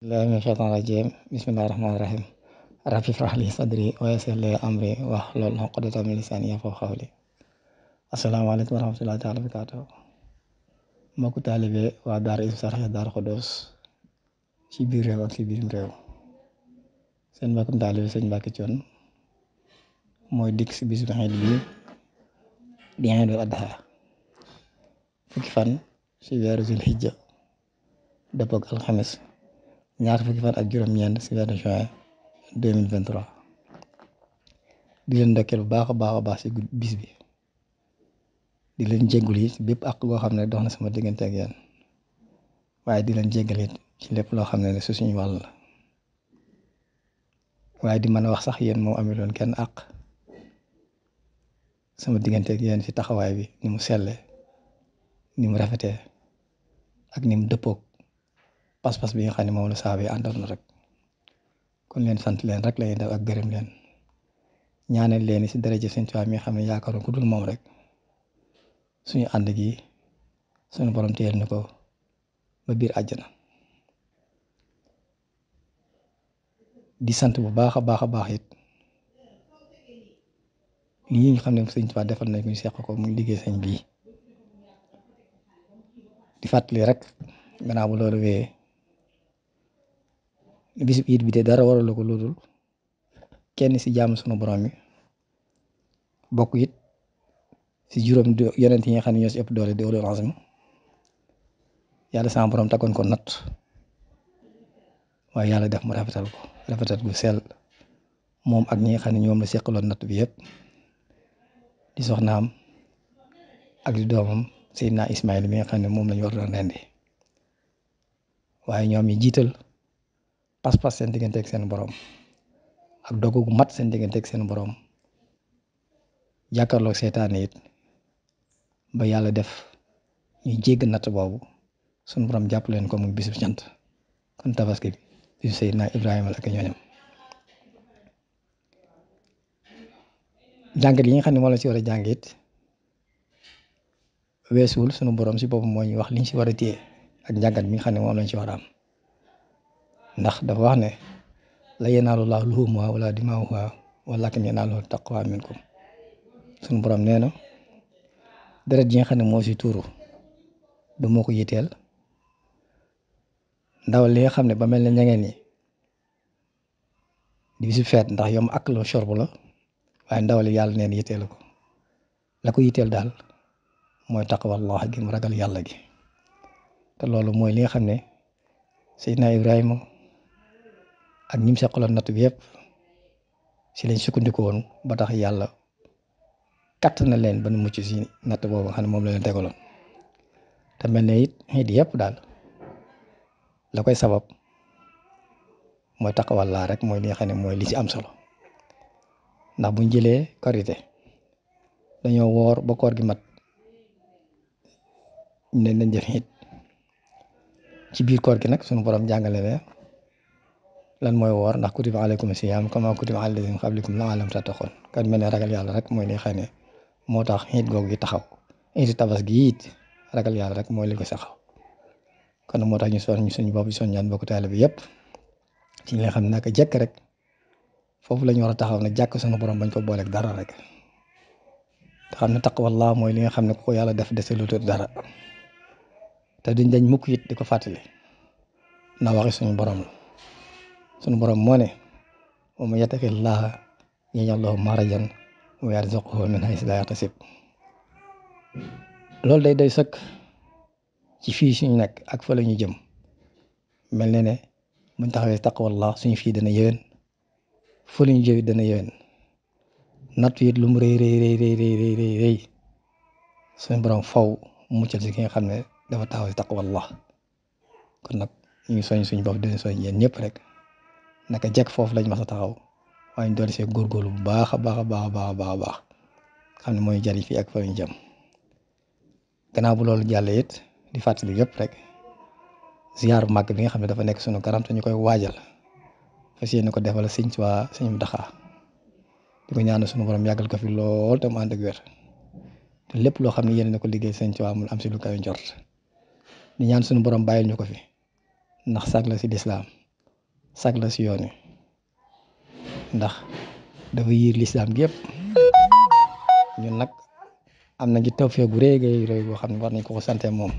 billahi min shaitan rajim bismillahi rahmani rahim rabbi shrah li sadri wa yassir li amri wahlul uqdatan min lisani yafqahu qawli asalaamaaleykum wa rahmatullahi taala barakaatu mbokku taalibe waa daara Hizbut Tarqiyyah daara Xudoos ci biir réew ak ci biirum réew seen mbokkum taalibe sëñ Mbàkke Coon mooy dikk si bisu xeet bi di Iidul Adha fukki fan ci weeru Zulhijja dëppook alxames ñaar fukki fan ak juróom-ñeent si weeru juin 2023 di leen ndokkeel bu baax a baax a baax si bis bi di leen jéggul si bépp ak goo xam ne dox na sama diggante ak yéen waaye di leen jéggal ci lépp loo xam ne su suñu wàll la waaye di mën a wax sax yéen moom amee loon kenn àq sama diggante ak yéen ci taxawaay bi ni mu selle ni mu ak ni mu pas-pas bi nga xam ne moom la saaba yi àndal na rek kon leen sant leen rek lay def ak gërëm leen ñaanal leen si daraja Sëñ Tuubaa mi xam ne yaakaaroon ku dul moom rek suñu ànd gi sunu borom téyel ni ko ba biir àjjana di sant bu baax a baax a baax it lii nga xam ne Sëñ Tuubaa defal nañ ko ñu seq ko muy liggéey sëñ bii di fàttali rek gannaaw bu loolu wéyee bisub it bi te dara waralu ko lu kenn si jaamu sunu borom yi bokk it si juróom yonent yi nga xam ne ñoo si ëpp doole di ulul azm yàlla sama borom takkoon ko natt waaye yàlla def mu rafetal ko rafetal gu sel moom ak ñi nga xam ne ñoom la seqaloon natt bi yëpp di soxnaam ak di doomam Seydina Ismaïl mi nga xam ne moom lañ war doon rendi waaye ñoom yi jiital. pas-pas seen digganteeg seen borom ak dogu gu mat seen digganteeg seen borom jàkkaarloog seytaane it ba yàlla def ñu jégg natt boobu sunu boroom jàpp leen ko muy bisub cant kon tabaski bi bisu naa Ibrahima la ak ñooñam jàngat yi nga xam ne moo la ci war a jàng sunu borom si boppam moo ñuy wax li si war a ak jàngat mi nga xam ne moom lañ ci war a ndax dafa wax ne la lan yanaalu la luhumuhaa wa laa dimaa'uhaa walaakin yanaaluhu taqwaa minkum sunu borom nee na deret ji nga xam ne moo si tuuru du moo ko yiteel ndaw li nga xam ne ba mel ne ñangeen ni di bisu feet ndax yom ak la shorb la waaye ndaw li yàlla neen yiteel ko la ko yiteel daal mooy taqwallaahi gi mu ragal yàlla gi te loolu mooy li nga xam ne Seydina Ibrahima ak ñim seqaloon natt bi yëpp si lañ sukkandiku woon ba tax yàlla katt na leen ba nu mucc si natt boobu nga xam ne moom la leen te mel ne it xëy di yëpp daal la koy sabab mooy taxawal laa rek mooy li nga mooy li ci am solo ndax buñ jëlee korite dañoo woor ba koor gi mat ne nañ def it ci biir koor gi nag sunu borom jàngale ne lan mooy woor ndax kutiba aleykum siyaam kama kutiba alal lazina min qablikum la'allakum tattaqun kan mel ne ragal yàlla rek mooy li xëy ne moo tax it googu gi taxaw it tabas gi it ragal yàlla rek mooy li ko saxaw kon moo tax ñu soon ñu suñu bopp ñu soon ñaan bokk taale bi yëpp ci li nga xam ne naka jekk rek foofu lañu ñu war a taxaw nag jàkk suñu borom bañ ko booleeg dara rek te xam ne takk taqwallah mooy li nga xam ne ku ko yàlla def dese lu tut dara te duñ dañ mukk it di ko fàttali na waxi suñu borom sunu borom moo ne wa man yattaqillaha yaj'al lahu makhrajan wa yarzuqhu min haythu la yahtasib loolu day doy sëkk ci fii suñu nekk ak fa la ñu jëm mel ne ne buñ taxawee taqwallah suñu fii dana yéwén fa la ñu jëwit dana yéwén nattu it lu mu rëy rëy rëy rëy borom faw muccal si ki nga xam ne dafa taxaw si taqwallah kon nag ñu ngi soñ suñu bopp dina soñ yéen ñëpp rek naka jekk foofu lañ mas a taxaw waaye ñu doon see góorgóorlu bu baax baax a baax a baax a baax xam ne mooy jariñ fii ak fa ñu jëm gannaaw bu loolu jàllee it di fàttali yëpp rek ziar bu màgg bi nga xam ne dafa nekk sunu kanam te ñu koy waajal fas yéene ko defal sëñ Tuubaa sëñ Muntaxaa di ko ñaanal sunu yàggal ko fi lool te mu ànd lépp loo xam ne yéene na ko liggéey sëñ Tuubaa am si lu koy njort di ñaan sunu borom bàyyil ñu ko fi ndax sàkk la si lislaam sag si yoon wi ndax dafa yiir lislaam gépp ñun nag am na ci taw gu rëy a rëy boo xam ne war nañ ko ko moom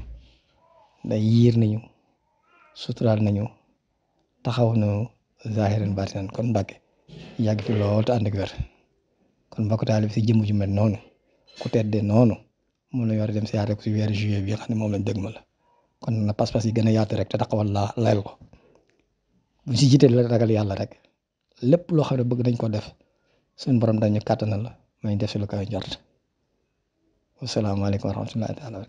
day yiir nañu suturaal nañu taxaw nañu zahiran batinan kon Mbàkke yàgg fi lool te ànd ak wér kon mbokk taali bi si jëmm ju mel noonu ku tedde noonu moom la ñu war a dem siyaare ko si weeru juillet bi nga xam moom lañ dëgg ma la kon na pas-pas yi gën a yaatu rek te taxawal laa layal ko bu si jiitee ragal yàlla rek lépp loo xam ne bëgg nañ ko def suñu borom dañu kàttanal la may def si lu koy njort wasalaamaaleykum wa rahmatullahi taala wa